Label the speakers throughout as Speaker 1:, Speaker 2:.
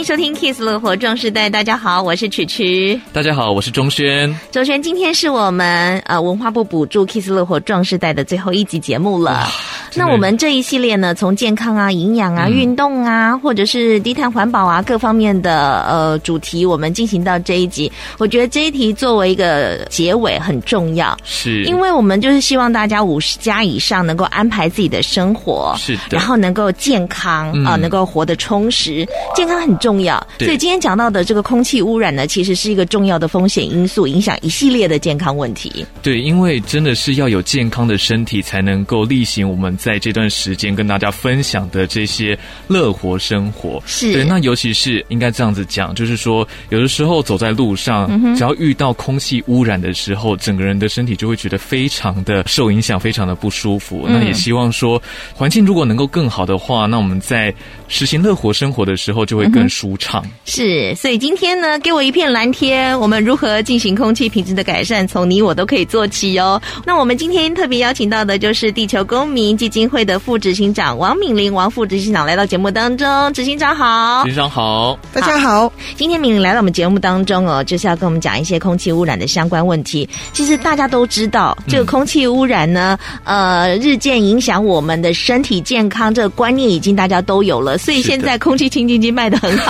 Speaker 1: 歡迎收聽《Kiss 樂活壯世代》，大家好，我是曲曲。
Speaker 2: 大家好，我是鍾軒。
Speaker 1: 鍾軒，今天是我們呃文化部補助《Kiss 樂活壯世代》的最後一集節目了，啊。那我們這一系列呢，從健康啊、營養啊、嗯、運動啊，或者是低碳環保啊各方面的呃主題，我們進行到這一集，我覺得這一題作為一個結尾很重要，是因為我們就是希望大家五十加以上能夠安排自己的生活，是的，然後能夠健康啊、嗯、呃，能夠活得充實，健康很重要。重要，所以今天講到的這個空氣污染呢，其實是一個重要的風險因素，影響一系列的健康問題。
Speaker 2: 對，因為真的是要有健康的身體，才能夠力行我們在這段時間跟大家分享的這些樂活生活。是對，那尤其是應該這樣子講，就是說，有的時候走在路上、嗯，只要遇到空氣污染的時候，整個人的身體就會覺得非常的受影響，非常的不舒服。嗯、那也希望說，環境如果能夠更好的話，那我們在實行樂活生活的時候，就會更舒服。嗯舒暢
Speaker 1: 是，所以今天呢，給我一片藍天。我們如何進行空氣品質的改善？從你我都可以做起哦。那我們今天特別邀請到的就是地球公民基金會的副執行長王敏玲，王副執行長來到節目當中。執行長好，執
Speaker 2: 行長好,好大家
Speaker 1: 好。今天敏玲來到我們節目當中哦，就是要跟我們講一些空氣污染的相關問題。其實大家都知道，這個空氣污染呢，嗯、呃，日漸影響我們的身體健康，這個觀念已經大家都有了。所以現在空氣清淨機賣的很好。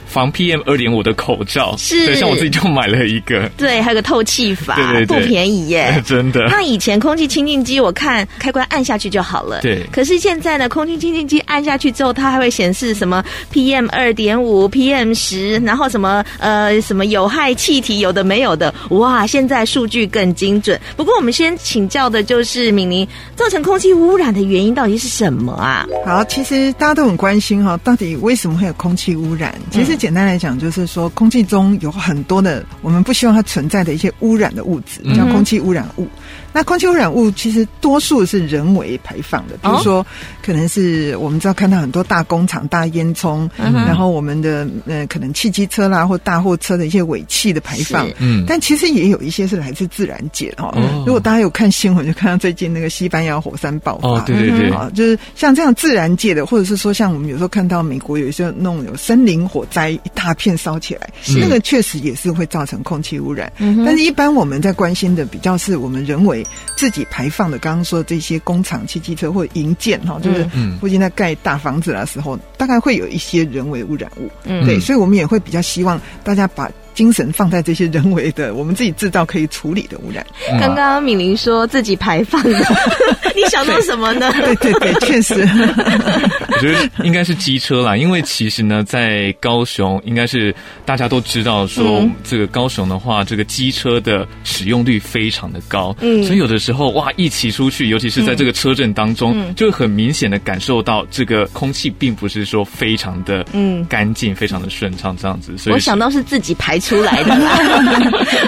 Speaker 2: 防 PM 二點五的口罩，是對像我自己就買了一個。
Speaker 1: 對，還有個透氣閥， 不便宜耶， 真的。那以前空氣清淨機，我看開關按下去就好了。對。可是現在呢，空氣清淨機按下去之後，它還會顯示什麼 PM 二點五、PM 十，然後什麼呃什麼有害氣體，有的沒有的。哇，現在數據更精準。不過我們先請教的就是敏玲，造成空氣污染的原因到底是什麼啊？
Speaker 3: 好，其實大家都很關心哈、哦，到底為什麼會有空氣污染？其實。簡單來講，就是說，空氣中有很多的我們不希望它存在的一些污染的物質，叫空氣污染物。嗯那空氣污染物，其實多數是人為排放的，比如說、哦、可能是我們知道看到很多大工廠大煙囪、嗯，然後我們的呃可能汽機車啦或大貨車的一些尾氣的排放，嗯，但其實也有一些是來自自然界哈、哦哦。如果大家有看新聞，就看到最近那個西班牙火山爆發，哦、對對對、哦，就是像這樣自然界的，或者是說像我們有時候看到美國有一些那種有森林火災，一大片燒起來是，那個確實也是會造成空氣污染。嗯嗯、但是，一般我們在關心的比較是我們人為。自己排放的，剛剛說的這些工廠、汽機車或者營建哈，就是附近在蓋大房子的時候，大概會有一些人為污染物，對，所以我們也會比較希望大家把。精神放在這些人為的，我們自己製造可以處理的污染。嗯、
Speaker 1: 剛剛敏玲說自己排放，的。 你
Speaker 3: 想到什麼呢？對？對對對，確實。
Speaker 2: 我覺得應該是機車啦，因為其實呢，在高雄，應該是大家都知道說、嗯，這個高雄的話，這個機車的使用率非常的高，嗯、所以有的時候哇，一騎出去，尤其是在這個車陣當中，嗯、就很明顯的感受到這個空氣並不是說非常的嗯乾淨嗯，非常的順暢這樣子。所以我想
Speaker 1: 到是自己排。出來的，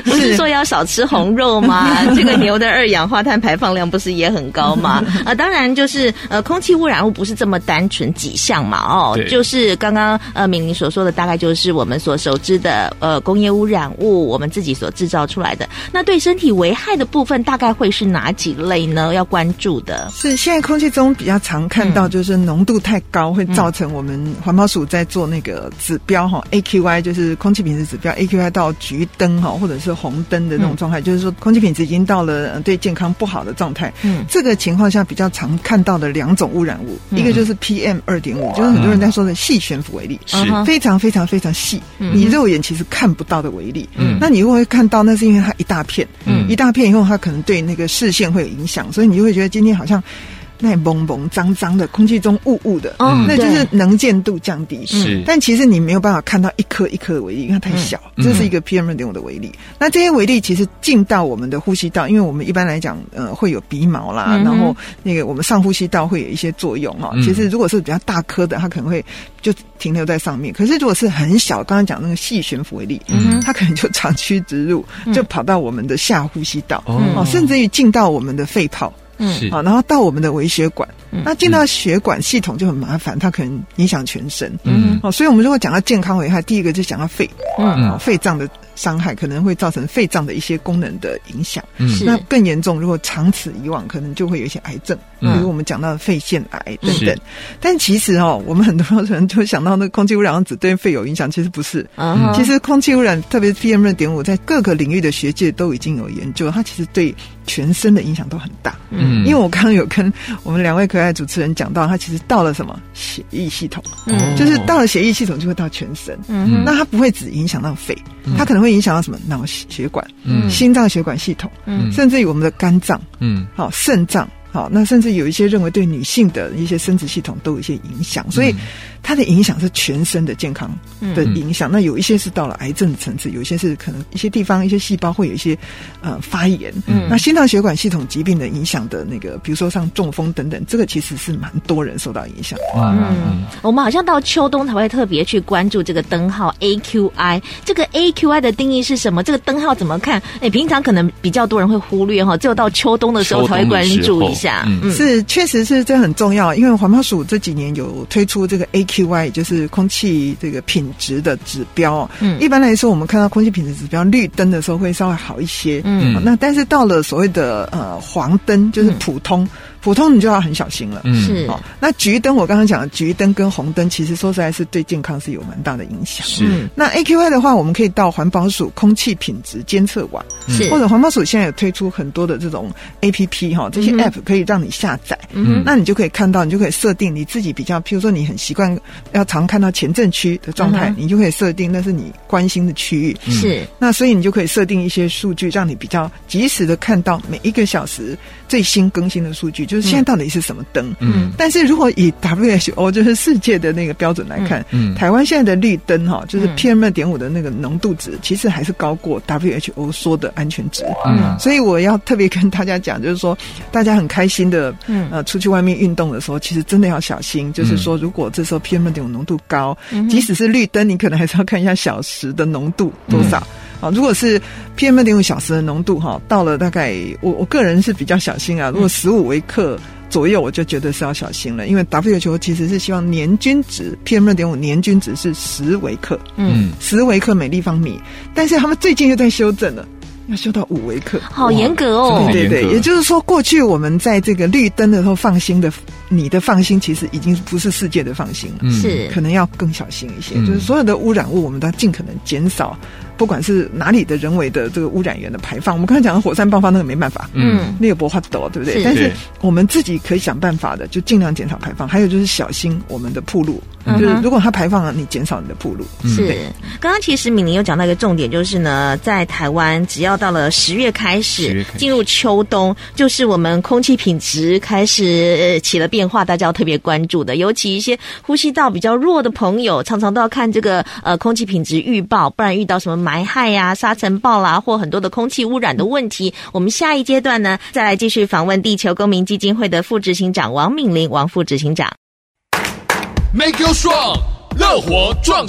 Speaker 1: 不是說要少吃紅肉嗎？ 這個牛的二氧化碳排放量不是也很高嗎？啊、呃，當然就是呃，空氣污染物不是這麼單純幾項嘛？哦，就是剛剛呃，敏玲所說的，大概就是我們所熟知的呃，工業污染物，我們自己所制造出來的。那對身體危害的部分，大概會是哪幾類呢？要關注的，是現在
Speaker 3: 空氣中比較常看到，就是濃度太高、嗯，會造成我們環保署在做那個指標哈、嗯啊、AQI 就是空氣品質指標。AQI 到橘燈哈，或者是紅燈的那種狀態，嗯，就是說空氣品質已經到了對健康不好的狀態。嗯，這個情況下比較常看到的兩種污染物，嗯，一個就是 PM 二點五，就是很多人在說的細懸浮微粒。是，啊，非常非常非常細，嗯，你肉眼其實看不到的微粒。嗯，那你如果會看到，那是因為它一大片，嗯，一大片以後它可能對那個視線會有影響，所以你就會覺得今天好像。那蒙蒙髒脏的空氣中霧霧的，霧霧的 oh, 那就是能見度降低。是，但其實你沒有辦法看到一顆一顆的微粒，因為它太小。嗯、這是一個 PM 二點五的微粒、嗯。那這些微粒其實進到我們的呼吸道，因為我們一般來講，呃，會有鼻毛啦，嗯、然後那個我們上呼吸道會有一些作用哦。其實如果是比較大顆的，它可能會就停留在上面。可是如果是很小，剛剛講那個細懸浮微粒，它可能就長驅直入，就跑到我們的下呼吸道哦、嗯，甚至於進到我們的肺泡。啊、嗯，然後到我們的微血管、嗯，那進到血管系統就很麻煩、嗯，它可能影響全身。嗯，哦，所以我們如果講到健康危害，第一個就講到肺，嗯，啊、肺臟的。傷害可能會造成肺臟的一些功能的影響。嗯，那更嚴重，如果長此以往，可能就會有一些癌症，嗯、比如我們講到肺腺癌等等。但其實哦，我們很多人可能就會想到，那個空氣污染只對肺有影響，其實不是。嗯，其實空氣污染，特別是 PM2.5，在各個領域的學界都已經有研究，它其實對全身的影響都很大。嗯，因為我剛剛有跟我們兩位可愛主持人講到，它其實到了什麼血液系統，嗯，就是到了血液系統就會到全身。嗯哼，那它不會只影響到肺，它可能。會影響到什麼？腦血管、嗯、心臟血管系統、嗯，甚至於我們的肝臟、嗯，好腎臟，好，那甚至有一些認為對女性的一些生殖系統都有一些影響，所以。嗯它的影響是全身的健康的影響、嗯，那有一些是到了癌症的層次、嗯，有一些是可能一些地方一些細胞會有一些呃發炎，嗯、那心臟血管系統疾病的影響的那個，比如說像中風等等，
Speaker 1: 這個其實是蠻多人受到影響、
Speaker 3: 嗯嗯。
Speaker 1: 嗯，我們好像到秋冬才會特別去關注這個燈號 AQI，這個 AQI 的定義是什麼？這個燈號怎麼看？哎、欸，平常可能比較多人會忽略哈，只有到秋冬的時候才會關注一下。嗯、是，確實
Speaker 3: 是這很重要，因為環保署這幾年有推出這個 AQ。AQI 就是空氣這個品質的指標。嗯，一般來說，我們看到空氣品質指標綠燈的時候，會稍微好一些。嗯，哦，那但是到了所謂的呃黃燈，就是普通。嗯普通你就要很小心了。嗯，是。哦。那橘燈我剛剛講的橘燈跟紅燈，其實說實在是對健康是有蠻大的影響。是。那 AQI 的話，我們可以到環保署空氣品質監測網，是、嗯。或者環保署現在有推出很多的這種 APP 哈、哦，這些 APP 可以讓你下載。嗯。那你就可以看到，你就可以設定你自己比較，譬如說你很習慣要常看到前鎮區的狀態、嗯，你就可以設定那是你關心的區域、嗯。是。那所以你就可以設定一些數據，讓你比較及時的看到每一個小時最新更新的數據。就是現在到底是什麼燈、嗯？嗯，但是如果以 WHO 就是世界的那個標準來看，嗯，嗯台灣現在的綠燈哈，就是 PM 二點五的那個濃度值、嗯，其實還是高過 WHO 說的安全值。嗯、啊，所以我要特別跟大家講，就是說大家很開心的，嗯，呃，出去外面運動的時候、嗯，其實真的要小心。就是說，如果這時候 PM 二點五濃度高、嗯，即使是綠燈，你可能還是要看一下小時的濃度多少。嗯嗯啊，如果是 P M 二點五小時的濃度哈，到了大概我我個人是比較小心啊。如果十五微克左右，我就覺得是要小心了，因為 W 球要其實是希望年均值 P M 二點五年均值是十微克，嗯，十微克每立方米。但是他們最近又在修正了，要修到五微克，好嚴格哦嚴格。對對對，也就是說，過去我們在這個綠燈的時候放心的，你的放心其實已經不是世界的放心了，是、嗯、可能要更小心一些。嗯、就是所有的污染物，我們都要盡可能減少。不管是哪裡的人為的這個污染源的排放，我們剛才講的火山爆發那個沒辦法，嗯，那個無法躲，對不對？但是我們自己可以想辦法的，就盡量減少排放。還有就是小心我們的暴露、嗯，就是如果它排放了，你減少你的暴
Speaker 1: 露、嗯。是，剛剛其實敏玲又講到一個重點，就是呢，在台灣只要到了十月開始進入秋冬，就是我們空氣品質開始、呃、起了變化，大家要特別關注的。尤其一些呼吸道比較弱的朋友，常常都要看這個呃空氣品質預報，不然遇到什麼。霾害呀、啊、沙塵暴啊，或很多的空氣污染的問題，我們下一階段呢，再來繼續訪問地球公民基金會的副執行長王敏玲，王副執行長。
Speaker 2: Make you strong, 樂活壯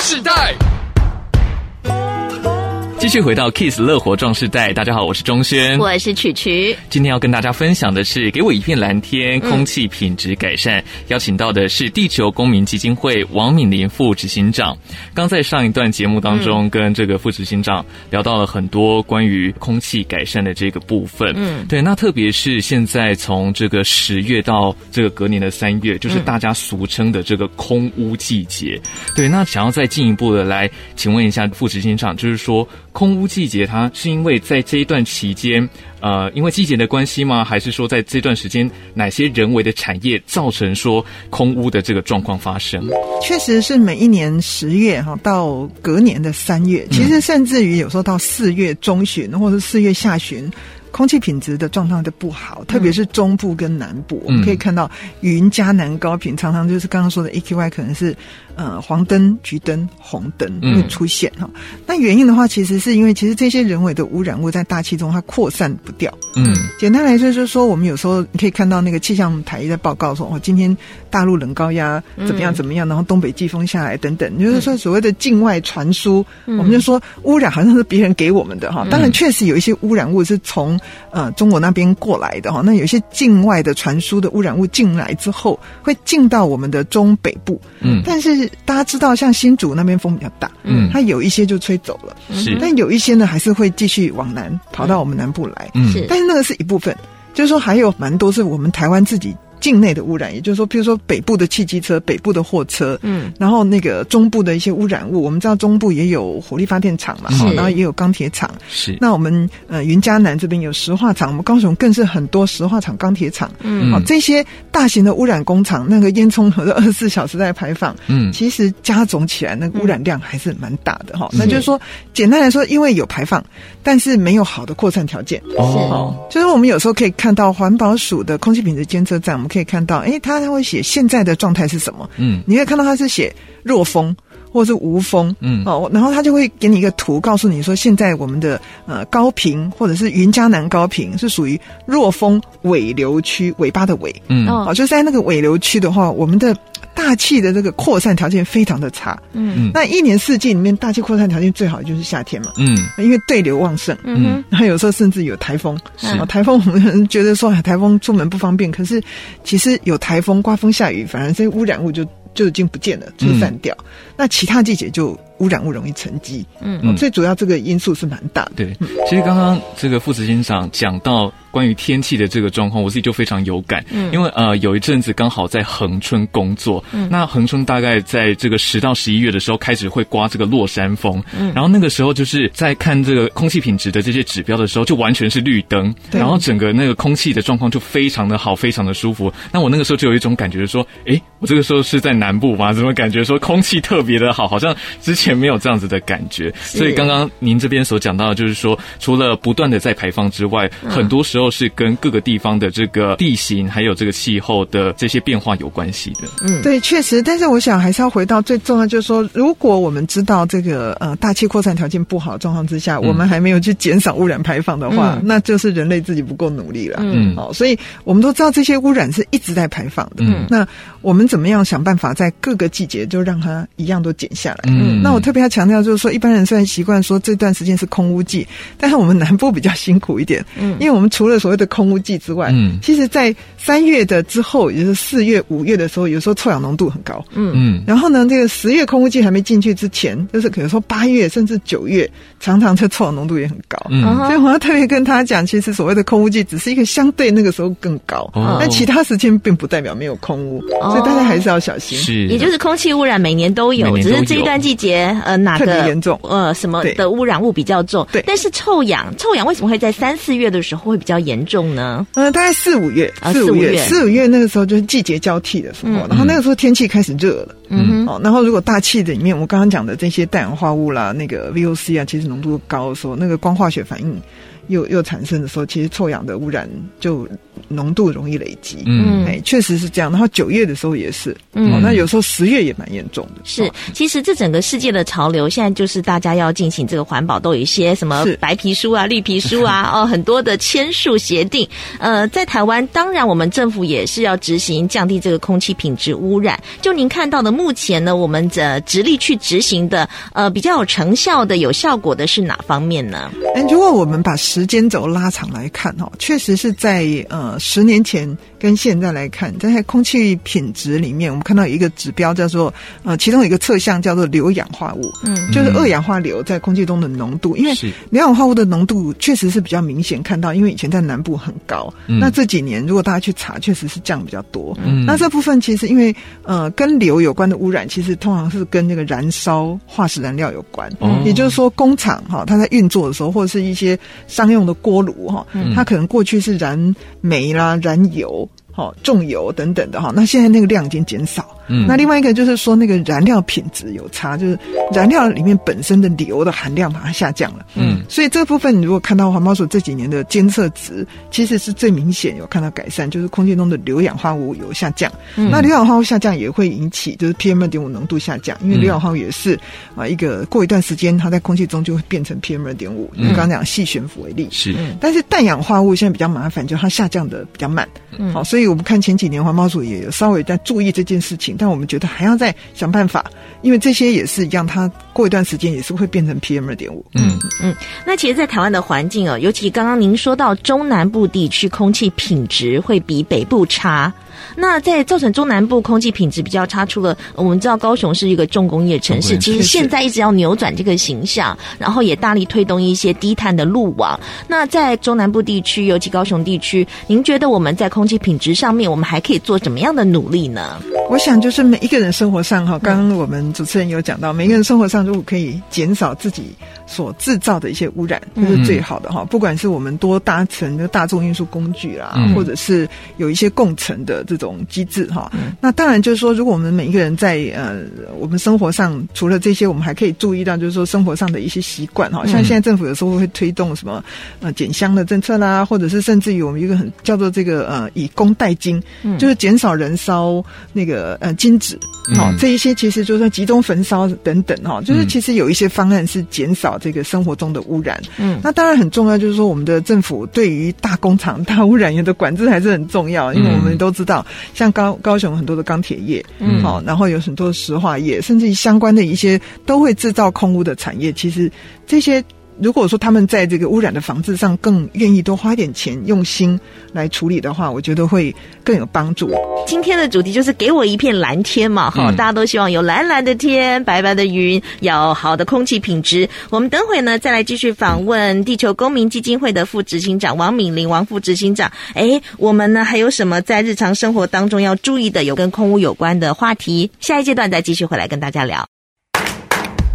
Speaker 2: 繼續回到 Kiss 樂活壯世代，大家好，我是鍾軒，我
Speaker 1: 是曲曲。
Speaker 2: 今天要跟大家分享的是，給我一片藍天，空氣品質改善。嗯、邀請到的是地球公民基金會王敏玲副執行長。剛在上一段節目當中、嗯，跟這個副執行長聊到了很多關於空氣改善的這個部分。嗯，對，那特別是現在從這個十月到這個隔年的三月，就是大家俗稱的這個空污季節。對，那想要再進一步的來，請問一下副執行長，就是說。空污季節，它是因為在這一段期間，呃，因為季節的關係嗎？還是說在這段時間哪些人為的產業造成說空污的這個狀況發生？
Speaker 3: 確實是每一年十月哈到隔年的三月，其實甚至於有時候到四月中旬或者四月下旬，空氣品質的狀況就不好，特別是中部跟南部，我、嗯、們可以看到雲嘉南高屏，常常就是剛剛說的 AQI 可能是呃黃燈、橘燈、紅燈會出現哈。那、嗯、原因的話，其實是因為其實這些人為的污染物在大氣中它擴散不掉。嗯，簡單來說就是說，我們有時候你可以看到那個氣象台在報告說哦，今天大陸冷高壓怎麼樣怎麼樣，嗯、然後東北季風下來等等，就是說所謂的境外傳輸、嗯，我們就說污染好像是別人給我們的哈。當然，確實有一些污染物是從呃，中國那邊過來的哈，那有些境外的傳輸的污染物進來之後，會進到我們的中北部。嗯，但是大家知道，像新竹那邊風比較大，嗯，它有一些就吹走了，是、嗯，但有一些呢還是會繼續往南跑到我們南部來，是、嗯嗯。但是那個是一部分，就是說還有蠻多是我們台灣自己。境內的污染，也就是說，比如說北部的汽機車、北部的貨車，嗯，然後那個中部的一些污染物，我們知道中部也有火力發電廠嘛，是，然後也有鋼鐵廠，是。那我們呃，雲嘉南這邊有石化廠，我們高雄更是很多石化廠、鋼鐵廠，嗯，好、哦，這些大型的污染工廠，那個煙囪和二十四小時在排放，嗯，其實加總起來，那個污染量還是蠻大的哈、嗯。那就是說是，簡單來說，因為有排放，但是沒有好的擴散條件，哦，哦就是我們有時候可以看到環保署的空氣品質監測站，我們。可以看到，哎，他他會寫現在的狀態是什麼？嗯，你會看到他是寫弱風或是無風，嗯，哦，然後他就會給你一個圖，告訴你說，現在我們的呃高屏或者是雲嘉南高屏是屬於弱風尾流區，尾巴的尾，嗯，哦，哦就是在那個尾流區的話，我們的。大氣的這個擴散條件非常的差，嗯，那一年四季裡面，大氣擴散條件最好的就是夏天嘛，嗯，因為對流旺盛，嗯，那有時候甚至有颱風，是、嗯，颱風我們覺得說颱風出門不方便，是，可是其實有颱風颳風下雨，反而這些污染物就就已經不見了，吹散掉、嗯。那其他季節就。污染物容易沉積，嗯嗯，最主要這個因素是蠻大的。對，其實剛剛
Speaker 2: 這個副執行長講到關於天氣的這個狀況，我自己就非常有感，嗯，因為呃有一陣子剛好在恆春工作，嗯、那恆春大概在這個十到十一月的時候開始會刮這個落山風，嗯，然後那個時候就是在看這個空氣品質的這些指標的時候，就完全是綠燈，然後整個那個空氣的狀況就非常的好，非常的舒服。那我那個時候就有一種感覺說，哎、欸，我這個時候是在南部嗎？怎麼感覺說空氣特別的好，好像之前沒有這樣子的感覺，所以剛剛您這邊所講到的就是說，除了不斷的在排放之外，嗯，很多時候是跟各個地方的這個地形還有這個氣候的這些變化有關係的。嗯，
Speaker 3: 對，確實。但是我想還是要回到最重要，就是說，如果我們知道這個呃大氣擴散條件不好的狀況之下，我們還沒有去減少污染排放的話，嗯，那就是人類自己不夠努力了。嗯，好，哦，所以我們都知道這些污染是一直在排放的。嗯，那我們怎麼樣想辦法在各個季節就讓它一樣都減下來？嗯，那，嗯。我特別要強調，就是說一般人雖然習慣說這段時間是空污季，但是我們南部比較辛苦一點，嗯，因為我們除了所謂的空污季之外，嗯，其實，在三月的之後，也就是四月、五月的時候，有時候臭氧濃度很高，嗯嗯，然後呢，這個十月空污季還沒進去之前，就是可能說八月甚至九月，常常這臭氧濃度也很高，嗯，所以我要特別跟他講，其實所謂的空污季只是一個相對那個時候更高，嗯，但其他時間並不代表沒有
Speaker 1: 空污，哦，所以大家還是要小心，哦，是啊，也就是空氣污染每年都有，都有，只是這一段季節。呃，哪個特別嚴重，呃，什麼的污染物比較重？對，但是臭氧，臭氧為什麼會在三四月的時候會比較嚴重呢？嗯、呃，大概四五月，四五月、哦，四五
Speaker 3: 月，四五月那個時候就是季節交替的時候，嗯、然後那個時候天氣開始熱了，嗯，哦，然後如果大氣的裡面，我剛剛講的這些氮氧化物啦，那個 VOC 啊，其實濃度高的時候，說那個光化學反應又又產生的時候，其實臭氧的污染就。濃度容易累積，嗯，確實是這樣。然後九月的時候也是，哦、嗯，那有時候十月也蠻嚴重的。是、
Speaker 1: 哦，其實這整個世界的潮流現在就是大家要進行這個環保，都有一些什麼白皮書啊、綠皮書啊，哦，很多的簽署協定。呃，在台灣，當然我們政府也是要執行降低這個空氣品質污染。就您看到的，目前呢，我們的直立去執行的，呃，比較有成效的、有效果的是哪方面呢？
Speaker 3: 嗯，如果我們把時間軸拉長來看，哈，確實是在呃。十年前跟現在來看，在空氣品質裡面，我們看到一個指標叫做呃，其中有一個測項叫做硫氧化物，嗯，就是二氧化硫在空氣中的濃度。因為硫氧化物的濃度確實是比較明顯看到，因為以前在南部很高，嗯、那這幾年如果大家去查，確實是降比較多。嗯，那這部分其實因為呃，跟硫有關的污染，其實通常是跟那個燃燒化石燃料有關，哦、也就是說工廠哈、哦，它在運作的時候，或者是一些商用的鍋爐哈，它可能過去是燃煤。沒了燃油。好、哦，重油等等的哈，那現在那個量已經減少。嗯。那另外一個就是說，那個燃料品質有差，就是燃料裡面本身的硫的含量把它下降了。嗯。所以這部分，你如果看到環保署這幾年的監測值，其實是最明顯有看到改善，就是空氣中的硫氧化物有下降。嗯。那硫氧化物下降也會引起就是 PM 二點五濃度下降，因為硫氧化物也是、嗯、啊一個過一段時間它在空氣中就會變成 PM 二點、嗯、五。你剛剛講細懸浮為例。是。嗯、但是氮氧化物現在比較麻煩，就它下降的比較慢。
Speaker 1: 嗯。好，所
Speaker 3: 以。所以我們看前幾年，環保署也有稍微在注意這件事情，但我們覺得還要再想辦法，因為這些也是一樣，它
Speaker 1: 過一段時間也是會變成 PM 二點五。嗯嗯，那其實，在台灣的環境啊、哦，尤其剛剛您說到中南部地區空氣品質會比北部差。那在造成中南部空氣品質比較差出，除了我們知道高雄是一個重工業城市，其實現在一直要扭轉這個形象，然後也大力推動一些低碳的路網。那在中南部地區，尤其高雄地區，您覺得我們在空氣品質上面，我們還可以做怎麼樣的努力呢？我想就是每一個人生活上哈，剛剛我們主持人有講到，每一個人生活上如
Speaker 3: 果可以減少自己所製造的一些污染，這、就是最好的哈、嗯。不管是我們多搭乘、就是、大眾運輸工具啊，嗯、或者是有一些共乘的，這種機制哈，那當然就是說，如果我們每一個人在呃，我們生活上除了這些，我們還可以注意到，就是說生活上的一些習慣哈，像現在政府有時候會推動什麼呃減香的政策啦，或者是甚至於我們一個很叫做這個呃以工代金，就是減少燃燒那個呃金紙。金紙好、嗯，這一些其實就是集中焚燒等等哈，就是其實有一些方案是減少這個生活中的污染。嗯，那當然很重要，就是說我們的政府對於大工廠、大污染源的管制還是很重要，因為我們都知道，嗯、像高高雄很多的鋼鐵業，嗯，好，然後有很多石化業，甚至於相關的一些都會製造空污的產業，其實這些。如果說他們在這個污染的房子上更願意多花點錢、用心來處理的話，我覺得會更有幫助。今
Speaker 1: 天的主題就是給我一片藍天嘛，嗯、哈，大家都希望有藍藍的天、白白的雲，有好的空氣品質。我們等會呢再來繼續訪問地球公民基金會的副執行長王敏玲、王副執行長。哎，我們呢還有什麼在日常生活當中要注意的，有跟空污有關的話題？下一階段再繼續回來跟大家聊。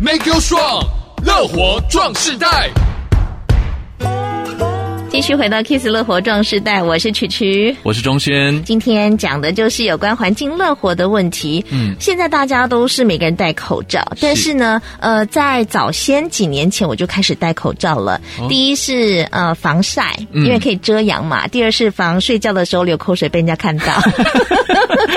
Speaker 2: Make you strong. 樂活壯世代。
Speaker 1: 繼續回到 Kiss 樂活壯世代，我是曲曲，
Speaker 2: 我是鍾軒。
Speaker 1: 今天講的就是有關環境樂活的問題。嗯，現在大家都是每個人戴口罩，是，但是呢，呃，在早先幾年前我就開始戴口罩了。哦、第一是呃防曬，因為可以遮陽嘛；嗯、第二是防睡覺的時候流口水被人家看到。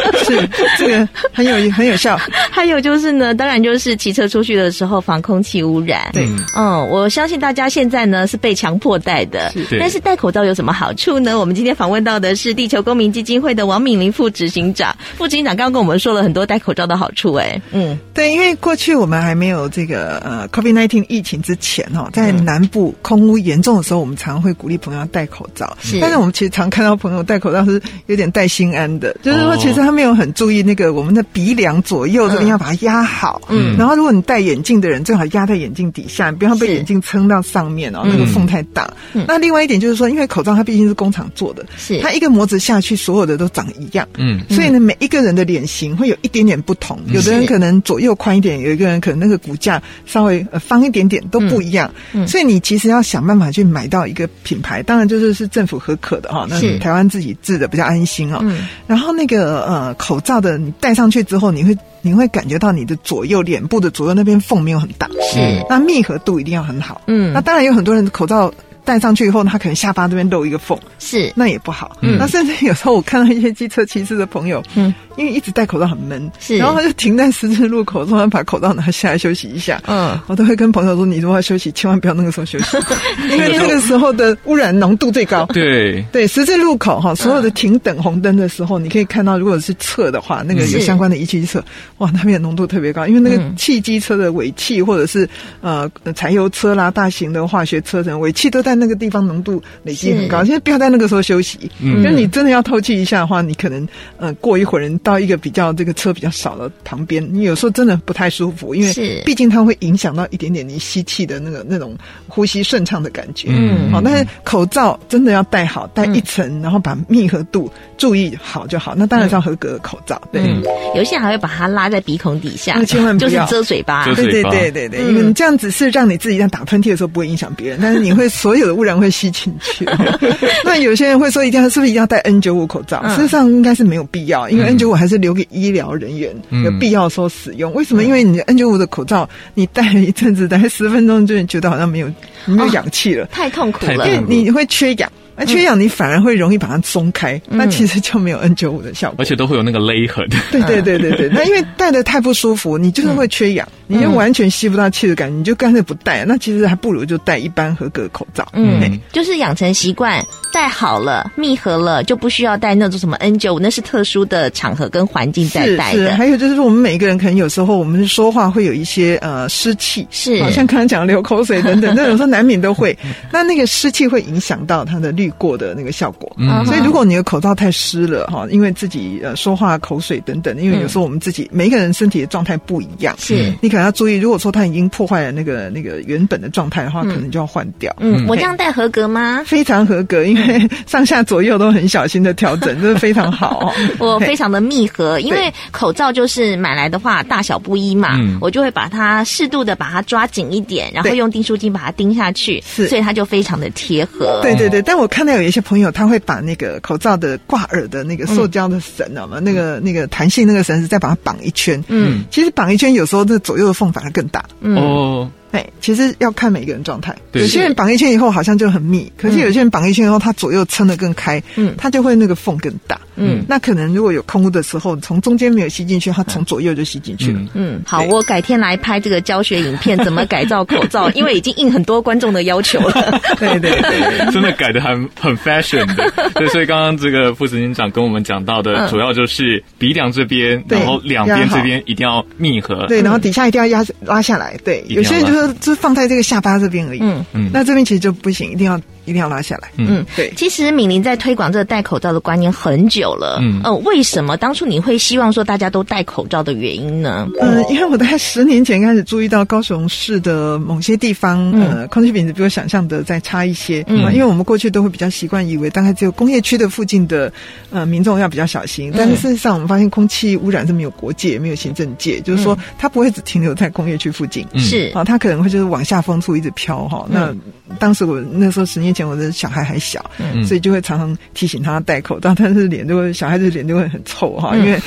Speaker 1: 是，這個很有很有效。還有就是呢，當然就是騎車出去的時候防空氣污染。對，嗯，嗯，我相信大家現在呢是被強迫戴的，是。對，但是但是戴口罩有什麼好處呢？我們今天訪問到的是地球公民基金會的王敏玲副執行長。副執行長剛剛跟我們說了很多戴口罩的好處、欸。
Speaker 3: 哎，嗯，對，因為過去我們還沒有這個呃，COVID-19 疫情之前哦，在南部空污嚴重的時候，我們常會鼓勵朋友要戴口罩。是，但是我們其實常看到朋友戴口罩是有點帶心安的，是，就是說其實他沒有很注意那個我們的鼻梁左右這邊要把它壓好。嗯，然後如果你戴眼鏡的人，最好壓在眼鏡底下，你不要被眼鏡撐到上面哦，那個縫太大、嗯。那另外一點。就是說，因為口罩它畢竟是工廠做的，是它一個模子下去，所有的都長一樣，嗯，所以呢，嗯、每一個人的臉型會有一點點不同，嗯、有的人可能左右寬一點，有一個人可能那個骨架稍微、呃、方一點點都不一樣、嗯嗯，所以你其實要想辦法去買到一個品牌，當然就是是政府核可的哈、哦，那台灣自己製的比較安心哦、嗯、然後那個呃口罩的你戴上去之後，你會你會感覺到你的左右臉部的左右那邊縫沒有很大，是、嗯、那密合度一定要很好，嗯，那當然有很多人的口罩。戴上去以後，他可能下巴這邊漏一個縫，是。那也不好。嗯。那甚至有時候我看到一些機車騎士的朋友，嗯。因為一直戴口罩很悶，是然後他就停在十字路口，突然把口罩拿下來休息一下。嗯，我都會跟朋友說：“你如果要休息，千萬不要那個時候休息， 因為那個時候的污染濃度最高。對”對對，十字路口哈，所有的停等紅燈的時候，嗯、你可以看到，如果是測的話，那個有相關的儀器去測，哇，那邊的濃度特別高，因為那個汽機車的尾氣或者是、嗯、呃柴油車啦、大型的化學車等尾氣都在那個地方濃度累積很高。現在不要在那個時候休息。嗯，但是你真的要透氣一下的話，你可能嗯、呃、過一會兒。到一個比較這個車比較少的旁邊，你有時候真的不太舒服，因為是，畢竟它會影響到一點點你吸氣的那個那種呼吸順暢的感覺。嗯，好，但是口罩真的要戴好，戴一層，嗯、然後把密合度注意好就好。那當然是要合格的口罩、嗯對嗯。對，有些人還會把它拉在鼻孔底下，那千萬不要就是遮嘴巴、啊。對對對對對，嗯、因為你這樣只是讓你自己在打噴嚏的時候不會影響別人、嗯，但是你會所有的污染會吸進去。 那有些人會說一定要是不是一定要戴 N 九五口罩？事、嗯、實上應該是沒有必要，因為 N 九。我還是留給醫療人員、嗯、有必要說使用。為什麼？嗯、因為你 N 九五的口罩，你戴了一陣子，大概十分鐘，就覺得好像沒有沒有氧氣了，哦、太痛苦了痛苦，因為你會缺氧。那、啊、缺氧，你反而會容易把它鬆開、嗯，那其實就沒有 N95 的效
Speaker 2: 果，而且都會有那個勒痕。對對對對對， 那
Speaker 3: 因為戴的太不舒服，你就是會缺氧、嗯，你就完全吸不到氣
Speaker 1: 的感覺，你就乾脆不戴，那其實還不如就戴一般合格口罩。嗯，就是養成習慣，戴好了密合了，就不需要戴那種什麼 N95，那是特殊的場合跟環境在戴的。是是還
Speaker 3: 有就是說，我們每一個人可能有時候我們說話會有一些呃濕氣，是，好像剛才講流口水等等，那種，說難免都會。 那那個濕氣會影響到它的。過的那個效果，所以如果你的口罩太濕了哈，因為自己呃說話、口水等等，因為有時候我們自己每一個人身體的狀態不一樣，是，你可能要注意。如果說它已經破壞了那個那個原本的狀態的話，嗯、可能就要換掉。嗯，我這樣戴合格嗎？非常合格，因為上下左右都很小心的調整，真 的非常好。我非
Speaker 1: 常的密合，因為口罩就是買來的話大小不一嘛、嗯，我就會把它適度的把它抓緊一點，然後用訂書機把它釘下去，是，所以它就非常的貼合。哦、對對對，但
Speaker 3: 我。看到有一些朋友，他會把那個口罩的掛耳的那個塑膠的繩，知道嗎？那個、嗯、那個彈性那個繩子，再把它綁一圈。嗯，其實綁一圈，有時候這左右的縫反而更大。嗯，嗯哦。哎，其實要看每個人狀態對。有些人綁一圈以後好像就很密，可是有些人綁一圈以後，他左右撐得更開，嗯，他就會那個縫更大，嗯，那可能如果有空污的時候，從中間沒有吸進去，它從左右就吸進去了。嗯，
Speaker 1: 嗯好，我改天來拍這個教學影片，怎麼改造口罩， 因為已經應很多觀眾的要求了。 對對對，
Speaker 2: 對， 真的改得很很 fashion 的。對，所以剛剛這個副執行長跟我們講到的主要就是鼻樑這邊，嗯，然後兩邊這邊一定要密合，對，然後
Speaker 3: 底下一定要壓拉下來對拉，對，有些人就是。
Speaker 1: 就放在這個下巴這邊而已。嗯嗯，那這邊其實就不行，一定要。一定要拉下來。嗯，對。其實敏玲在推廣這個戴口罩的觀念很久了。嗯。呃、哦、為什麼當初你會希望說大家都戴口罩的原因呢？嗯，
Speaker 3: 因為我大概十年前開始注意到高雄市的某些地方，嗯、呃，空氣品質比我想象的再差一些嗯。嗯。因為我們過去都會比較習慣以為，大概只有工業區的附近的呃民眾要比較小心。但是事實上，我們發現空氣污染是沒有國界、沒有行政界，嗯、就是說它不會只停留在工業區附近。是、嗯、啊、嗯哦，它可能會就是往下風處一直飄哈、哦。那、嗯、當時我那時候十年。以前我的小孩還小，所以就會常常提醒他戴口罩，但是臉就會小孩子臉就會很臭哈，因為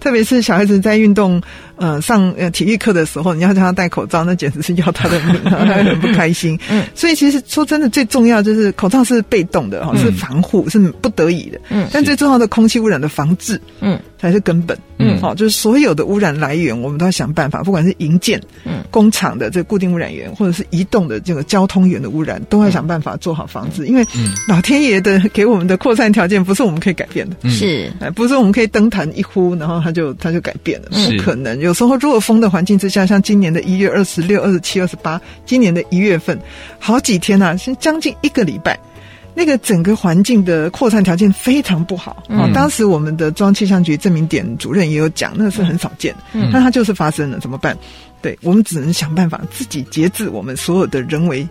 Speaker 3: 特別是小孩子在運動。嗯、呃，上呃體育課的時候，你要叫他戴口罩，那簡直是要他的命， 嗯、然後他很不開心。嗯，所以其實說真的，最重要就是口罩是被動的哈、嗯，是防護，是不得已的。嗯，但最重要的空氣污染，的防治，嗯，才是根本。嗯，好、哦，就是所有的污染來源，我們都要想辦法，不管是營建、嗯，工廠的這個固定污染源，或者是移動的這個交通源的污染，都要想辦法做好防治。因為老天爺的給我們的擴散條件不是我們可以改變的，嗯、是，哎，不是我們可以登壇一呼，然後他就他就改變了，嗯、不可能就。有時候弱風的環境之下，像今年的一月二十六、二十七、二十八，今年的一月份，好幾天啊，是將近一個禮拜，那個整個環境的擴散條件非常不好。嗯哦、當時我們的中央氣象局鄭明典主任也有講，那是很少見，嗯、但它就是發生了，怎麼辦？對，我們只能想辦法
Speaker 1: 自己節制我們所有的人為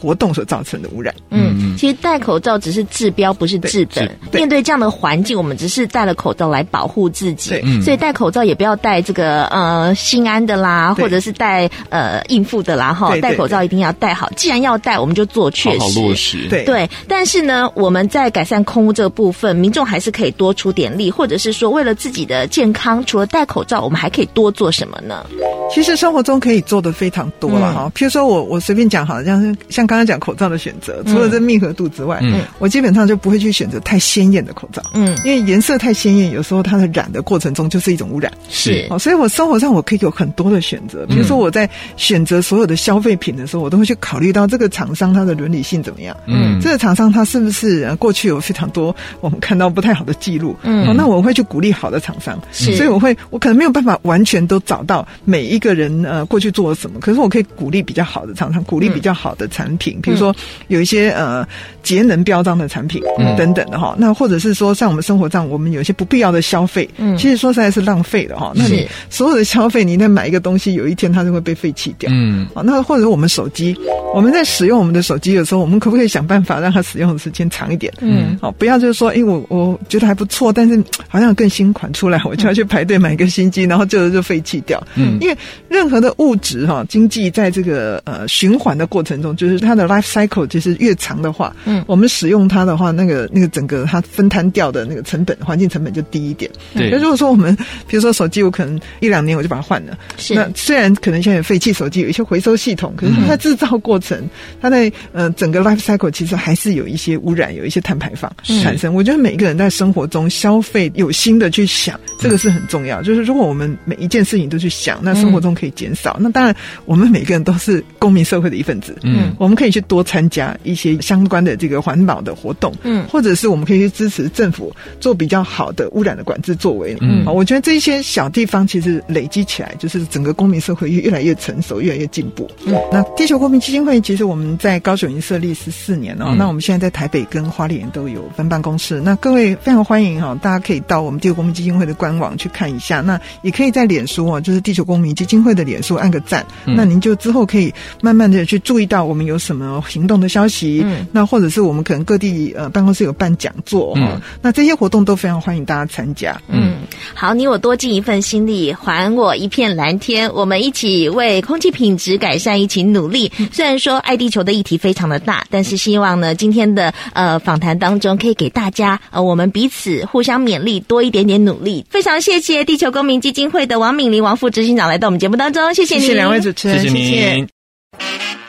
Speaker 1: 活動所造成的污染，嗯，其實戴口罩只是治標，不是治本。對對對，面對這樣的環境，我們只是戴了口罩來保護自己，對，所以戴口罩也不要戴這個呃心安的啦，或者是戴呃應付的啦哈。戴口罩一定要戴好，既然要戴，我們就做，確實好好落實，對，對。但是呢，我們在改善空污這個部分，民眾還是可以多出點力，或者是說，為了自己的健康，除了戴口罩，我們還可以多做什麼呢？其實
Speaker 3: 生活中可以做的非常多了哈、嗯，譬如說我我隨便講好，好像像。像剛剛講口罩的選擇，除了這密合度之外，嗯，嗯，我基本上就不會去選擇太鮮豔的口罩，嗯，因為顏色太鮮豔，有時候它的染的過程中就是一種污染，是，哦，所以我生活上我可以有很多的選擇，比如說我在選擇所有的消費品的時候，嗯，我都會去考慮到這個廠商它的倫理性怎麼樣，嗯，這個廠商它是不是過去有非常多我們看到不太好的記錄，嗯，哦，那我會去鼓勵好的廠商，是，嗯，所以我會我可能沒有辦法完全都找到每一個人呃過去做了什麼，可是我可以鼓勵比較好的廠商，鼓勵比較好的產。嗯，嗯品，比如說有一些呃節能標章的產品等等，嗯，等等的哈。那或者是說，像我們生活上，我們有一些不必要的消費，嗯，其實說實在是浪費的哈。那你所有的消費，你在買一個東西，有一天它就會被廢棄掉，嗯。啊，那或者我們手機，我們在使用我們的手機的時候，我們可不可以想辦法讓它使用的時間長一點？嗯，好，不要就是說，哎、欸，我我覺得還不錯，但是好像有更新款出來，我就要去排隊買一個新機，然後就就廢棄掉。嗯，因為任何的物質哈，經濟在這個呃循環的過程中，就是。它的 life cycle 其實越長的話，嗯，我們使用它的話，那個那個整個它分攤掉的那個成本，環境成本就低一點。對、嗯。那如果說我們，比如說手機，我可能一兩年我就把它換了。是。那雖然可能現在有廢棄手機有一些回收系統，可是它的製造過程，嗯、它在呃整個 life cycle 其實還是有一些污染，有一些碳排放產生。嗯、我覺得每個人在生活中消費有心的去想，這個是很重要、嗯。就是如果我們每一件事情都去想，那生活中可以減少。嗯、那當然，我們每個人都是公民社會的一份子。嗯。我們。可以去多參加一些相關的這個環保的活動，嗯，或者是我們可以去支持政府做比較好的污染的管制作為，嗯，好，我覺得這一些小地方其實累積起來，就是整個公民社會越越來越成熟，越來越進步。嗯，那地球公民基金會其實我們在高雄已經設立十四年了哦，嗯，那我們現在在台北跟花蓮都有分辦公室。那各位非常歡迎哈、哦，大家可以到我們地球公民基金會的官網去看一下，那也可以在臉書哦，就是地球公民基金會的臉書按個讚。嗯，那您就之後可以慢慢的去注意到我們有。什麼行動的消息，嗯？那或者是我們可能各地
Speaker 1: 呃辦公室有辦講座，嗯
Speaker 3: 哦，那這些活動都非常歡迎大家參加。嗯，
Speaker 1: 好，你我多盡一份心力，還我一片藍天。我們一起為空氣品質改善一起努力。嗯，雖然說愛地球的議題非常的大，但是希望呢，今天的呃訪談當中可以給大家呃我們彼此互相勉勵，多一點點努力。非常謝謝地球公民基金會的王敏玲王副執行長來到我們節目當中，謝謝你。謝謝兩位主持人，謝謝。謝謝謝謝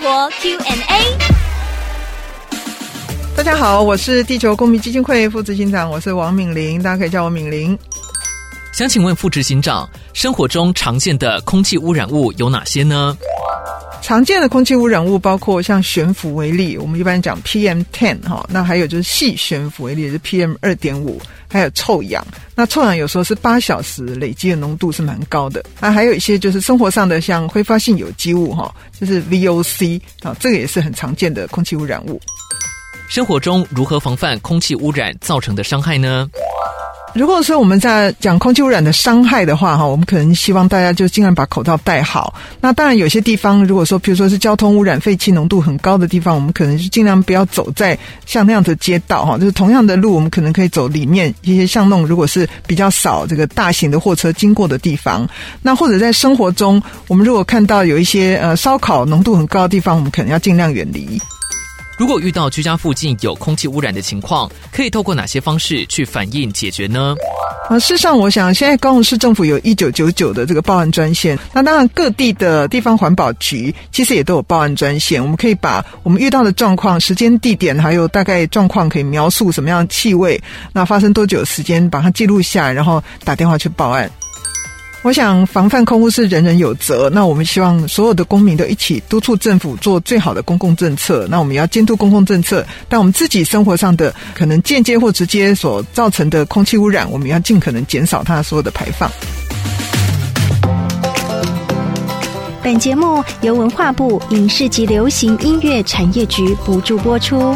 Speaker 3: 生活 Q&A。大家好，我是地球公民基金會副執行長，我是王敏玲，大家可以叫我敏玲。
Speaker 2: 想請問副執行長，生活中常見的空氣污染物有哪些呢？
Speaker 3: 常見的空氣污染物包括像懸浮微粒，我們一般講 PM10 哈，那還有就是細懸浮微粒是 PM2.5，還有臭氧。那臭氧有時候是八小時累積的濃度是蠻高的。那還有一些就是生活上的像揮發性有機物哈，就是 VOC 啊，這個也是很常見的空氣污染物。
Speaker 2: 生活中如何防範空氣污染造成的傷害呢？
Speaker 3: 如果說我們在講空氣污染的傷害的話，哈，我們可能希望大家就盡量把口罩戴好。那當然，有些地方，如果說，譬如說是交通污染廢氣濃度很高的地方，我們可能就盡量不要走在像那樣的街道，哈，就是同樣的路，我們可能可以走裡面一些像那種，如果是比較少這個大型的貨車經過的地方。那或者在生活中，我們如果看到有一些呃燒烤濃度很高的地方，我們可能要盡量遠離。
Speaker 2: 如果遇到居家附近有空氣污染的情況，可以透過哪些方式去反映解決呢？
Speaker 3: 啊，事實上，我想現在高雄市政府有一九九九的這個報案專線。那當然，各地的地方環保局其實也都有報案專線。我們可以把我們遇到的狀況、時間、地點，還有大概狀況，可以描述什麼樣的氣味，那發生多久時間，把它記錄下來，然後打電話去報案。我想防範空污是人人有責，那我們希望所有的公民都一起督促政府做最好的公共政策。那我們要監督公共政策，但我們自己生活上的可能間接或直接所造成的空氣污染，我們要盡可能減少它所有的排放。
Speaker 1: 本節目由文化部影視及流行音樂產業局補助播出。